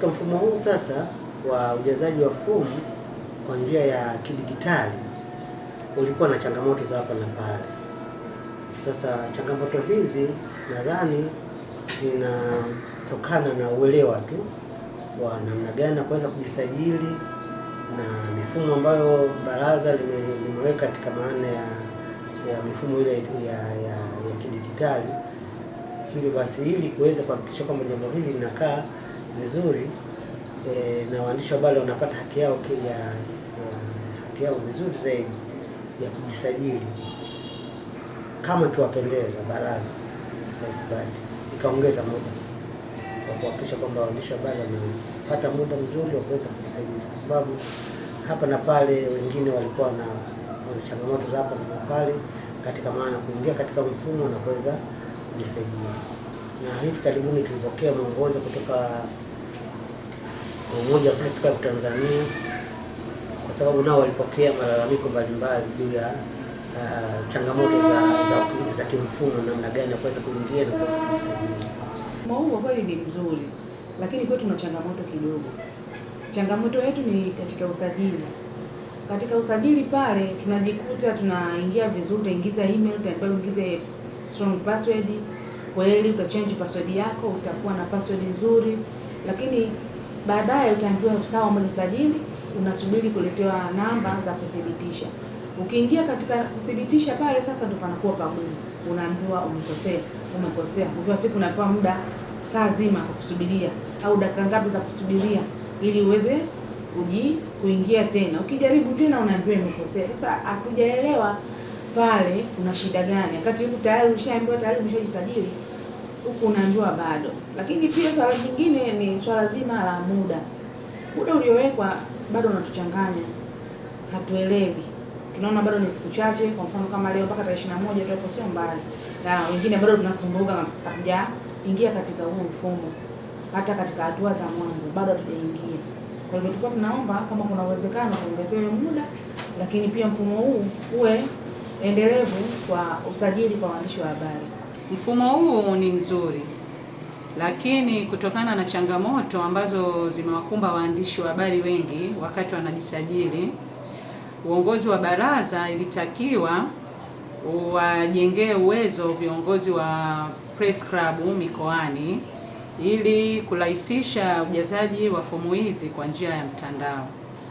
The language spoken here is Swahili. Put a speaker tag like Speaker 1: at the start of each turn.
Speaker 1: Katika mfumo huu sasa wa ujazaji wa fomu kwa njia ya kidigitali ulikuwa na changamoto za hapa na pale. Sasa changamoto hizi nadhani zinatokana na uelewa tu wa namna gani na kuweza kujisajili na mifumo ambayo baraza limeweka katika maana ya, ya mifumo ile ya, ya, ya kidijitali, hivyo basi ili kuweza kuhakikisha kwamba jambo hili linakaa vizuri e, na waandishi wa habari wanapata haki yao ya, ya, haki yao vizuri zaidi ya kujisajili kama ikiwapendeza baraza la ithibati ikaongeza muda wa kuhakikisha kwamba waandishi habari wanapata muda mzuri wa kuweza kujisajili, kwa sababu hapa na pale wengine walikuwa na changamoto za hapa na pale katika maana kuingia katika mfumo na kuweza kujisajili na hivi karibuni tulipokea mwongozo kutoka Umoja wa Press Club Tanzania, kwa sababu nao walipokea malalamiko mbalimbali juu ya uh, changamoto za, za, za kimfumo namna gani ya kuweza kuingia na kuweza kusaidia.
Speaker 2: Maua kweli ni mzuri, lakini kwetu tuna changamoto kidogo. Changamoto yetu ni katika usajili katika usajili pale tunajikuta tunaingia vizuri, utaingiza email, utaingiza strong password, kweli, utachange password yako, utakuwa na password nzuri, lakini baadaye utaambiwa sawa, umejisajili, unasubiri kuletewa namba za kuthibitisha. Ukiingia katika kuthibitisha pale sasa ndo panakuwa pagumu, unaambiwa umekosea, umekosea. Mwisho wa siku unapewa muda saa zima kwa kusubiria au dakika ngapi za kusubiria ili uweze kuji kuingia tena. Ukijaribu tena unaambiwa imekosea. Sasa hatujaelewa pale kuna shida gani, wakati huku tayari ushaambiwa tayari umeshajisajili, huku unaambiwa bado. Lakini pia swala jingine ni swala zima la muda, muda uliowekwa bado unatuchanganya, hatuelewi. Tunaona bado ni siku chache, kwa mfano kama leo mpaka tarehe 21 tuko sio mbali, na wengine bado tunasumbuka ingia katika huu mfumo, hata katika hatua za mwanzo bado hatujaingia. Kwa hivyo tulikuwa tunaomba kama kuna uwezekano kuongezewe muda, lakini pia mfumo huu uwe endelevu kwa usajili kwa waandishi wa habari.
Speaker 3: Mfumo huu ni mzuri, lakini kutokana na changamoto ambazo zimewakumba waandishi wa habari wengi wakati wanajisajili, uongozi wa baraza ilitakiwa wajengee uwezo viongozi wa press club mikoani ili kurahisisha ujazaji wa fomu hizi kwa njia ya mtandao.